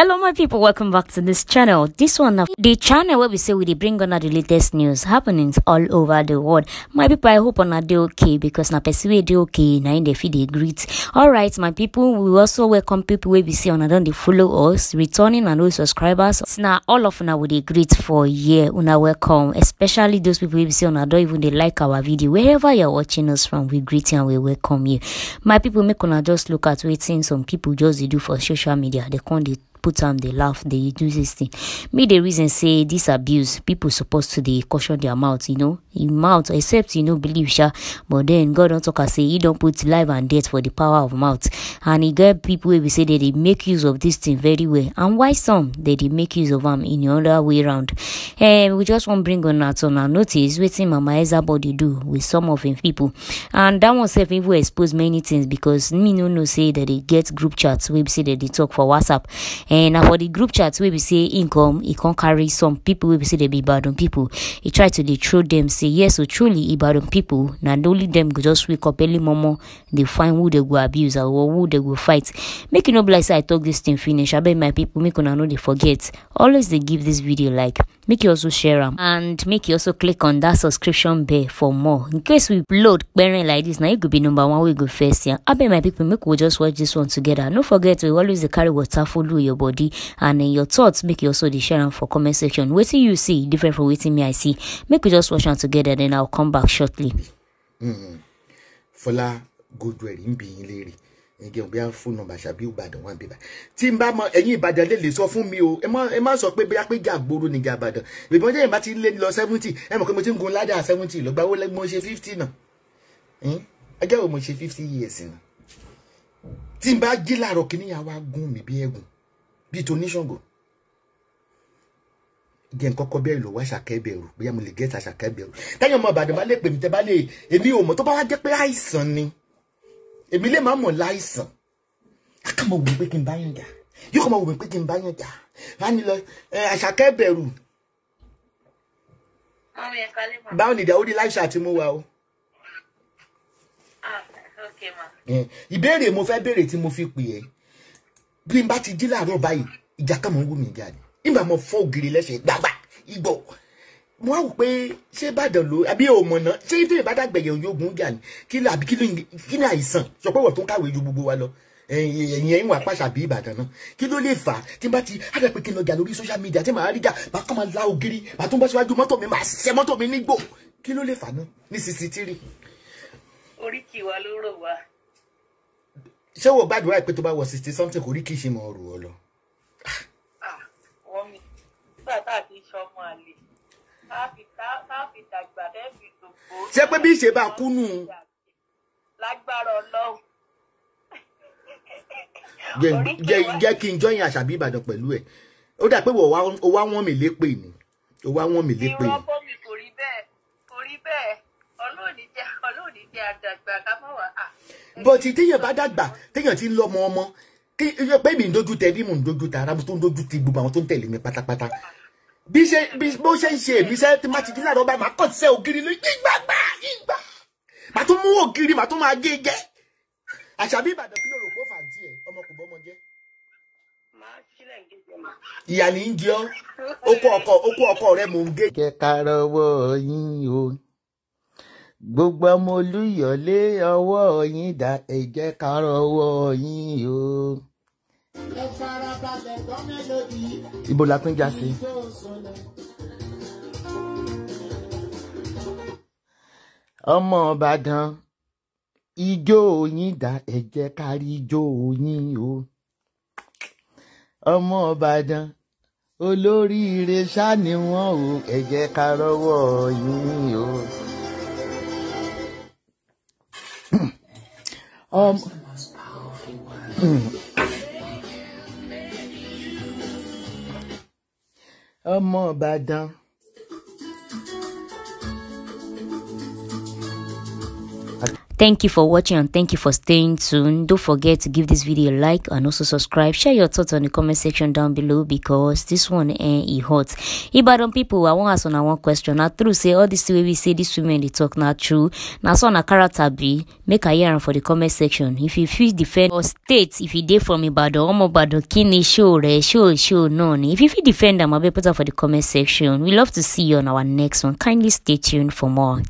hello my people welcome back to this channel this one the channel where we say we bring on the latest news happenings all over the world my people i hope on are okay because na person wey okay na in the feed they greet all right my people we also welcome people where we see on don dey follow us returning and new subscribers na all of una we dey greet for year una welcome especially those people wey we see on don even they like our video wherever you're watching us from we greet you and we welcome you my people make una just look at waiting. some people just do for social media they come dey Time they laugh they do this thing Maybe reason say this abuse people supposed to they caution their mouth you know him mouth except you know believe sha but then god don't talk as say he not put life and death for the power of mouth and he get people will be say that they make use of this thing very well and why some that they make use of them in other way round And um, we just to bring on that to our notice wetin mama ezabo do with some of im people. and that one sef even expose many things because me no no say that they get group chats. We be say that they talk for whatsapp and for the group chats, we be say income. come can carry some people. We be say they be on people. He try to dey throw dem say say yes so truly ibadan people, na only dem go just wake up early momo dey find who dey go abuse or who dey go fight make you no be like say i talk this thing finish abeg my people, make una no dey forget always dey give this video like make you also share am and make you also click on that subscription bell for more in case we upload kperen like this, na you go be number one wey go first yan abeg my people, make we just watch this one together no forget we always dey carry water follow your body and your thoughts make you also dey share am for comment section wetin you see different from wetin me i see make we just watch am together together, then I'll come back shortly. Mm-hmm. Fọlá Godwell ń bi yín léèrè ǹjẹ́ òbí á fún nọ́mbà ṣàbí Ìbàdàn wọn bíbá tí n bá mọ ẹ̀yin Ìbàdàn lè lè sọ fún mi o ẹ má sọ pé bóyá pé jà gbòòrò nìjà Ìbàdàn ìbọn jẹ́ ìbá ti lé lọ seventy ẹ mọ̀ pé mo ti ń gun ládà seventy lọ́gbà wo mo ṣe fifty náà ọjọ́ wo mo ṣe fifty years náà tí gila bá jí làárọ̀ kí níyàwó á gún mi bí ẹ̀gùn bí toníṣàngọ̀ jẹ́ nkọ́kọ́ bẹ́ẹ̀ lọ́wọ́ àṣàkẹ́ bẹ̀rù bóyá mo lè gẹ́tì àṣàkẹ́ bẹ̀rù táyà ọmọ ìbàdàn bá lè pè mí tẹ́ bá lè èmi ò mọ̀ tó bá wá jẹ́ pé àìsàn ni èmi lè má mọ̀ láìsàn á kà máa wù mí pé kí n bá yàn jà yóò kà máa wù mí pé kí n bá yàn jà wá ní lọ àṣàkẹ́ bẹ̀rù. báwo ni ìdáwó di láìsàn àti mú wa o. Ah, ìbéèrè mo fẹ́ béèrè tí mo fi pè é bí n bá ti jí láàárọ̀ báyìí ìjà kà máa ń wù mí jáde nígbà mo fọ́ ògiri lẹ́sẹ̀ gbàgbà igbó mo wá wò pé ṣé ìbàdàn ló àbí òmọ̀nà ṣé ìdí ìbádàgbẹ̀yẹ̀ òyògùn jà ní kí ni àbí kí ni àìsàn sọ pé wọ́n tó kàwé ju gbogbo wa lọ ẹ̀yìn ẹ̀yìn wà pàṣà bí ìbàdàn náà kí ló lè fà á tí n bá ti àdàpẹ̀ kí n lọ jà lórí social media tí màá rí jà màá kọ́ máa la ògiri màá tún bá síwájú mọ́tò mi màá ṣe mọ́tò mi nígbò kí ló lè fà náà ní cctv. oríkì wa ló rò wá. ṣé wo gbàdúrà pé tó bá wọ sixty something oríkì ṣe mọ̀ ọ́ ọ lọ. máa le káàfi dàgbà lẹ́ẹ̀fi dògbò. ṣé pé bí ìṣe bá kú nù. lágbára ọlọ́run. jẹ́ kí n jọyìn àṣàbí ìbàdàn pẹ̀lú ẹ̀ ó dà pé o wá wọ́n mi lépè ni o wá wọ́n mi lépè ni. irọ́ mi kò rí bẹ́ẹ̀ kò rí bẹ́ẹ̀ ọlọ́ọ̀ni jẹ́ ọlọ́ọ̀ni jẹ́ àdàgbà ká má wà á. bọ́tí téèyàn bá dàgbà téèyàn ti ń lọ́mọ ọmọ kí pé mi ń dojú tẹ bí mo ń dojú tara mo tó ń dojú ti gbogbo àwọn tó ń tẹ̀lé mi pátápátá bí ṣe bí bó ṣe ń ṣe èmi ṣe ti má ti dín láàárọ̀ báyìí màá kàn sẹ́ ògiri ní gbígbà gbà gbígbà màá tún mú ògiri màá tún máa gé jẹ àṣàbí ìbàdàn kí ló rò kó fàǹtì ẹ ọmọ kò bọ́mọ jẹ́. ìyá ni ń jẹ ọ okó ọkọ okó ọkọ rẹ mò ń gé. kẹka rọwọ́ yín o gbogbo ọmọ olúyọlé ọwọ́ yín dá ẹ jẹ́ ká yín o ibo la tún já sí. ọmọ Ìbàdàn ijó yín dá ẹ jẹ́ ijó yín o ọmọ Ìbàdàn olóríire ṣá ni wọ́n o ẹ jẹ́ yín o. Um, ọmọ ìbàdàn Thank you for watching and thank you for staying tuned. Don't forget to give this video a like and also subscribe. Share your thoughts on the comment section down below because this one eh, hot. Ibadan people, I want ask on one question. Now true say all this way we say this women they talk not true. Now so na character be make a hear for the comment section. If you feel defend or state if you dey from Ibadan, Omo Ibadan kini show re show show no ni. If you feel defend them, I'll be put up for the comment section. We love to see you on our next one. Kindly stay tuned for more.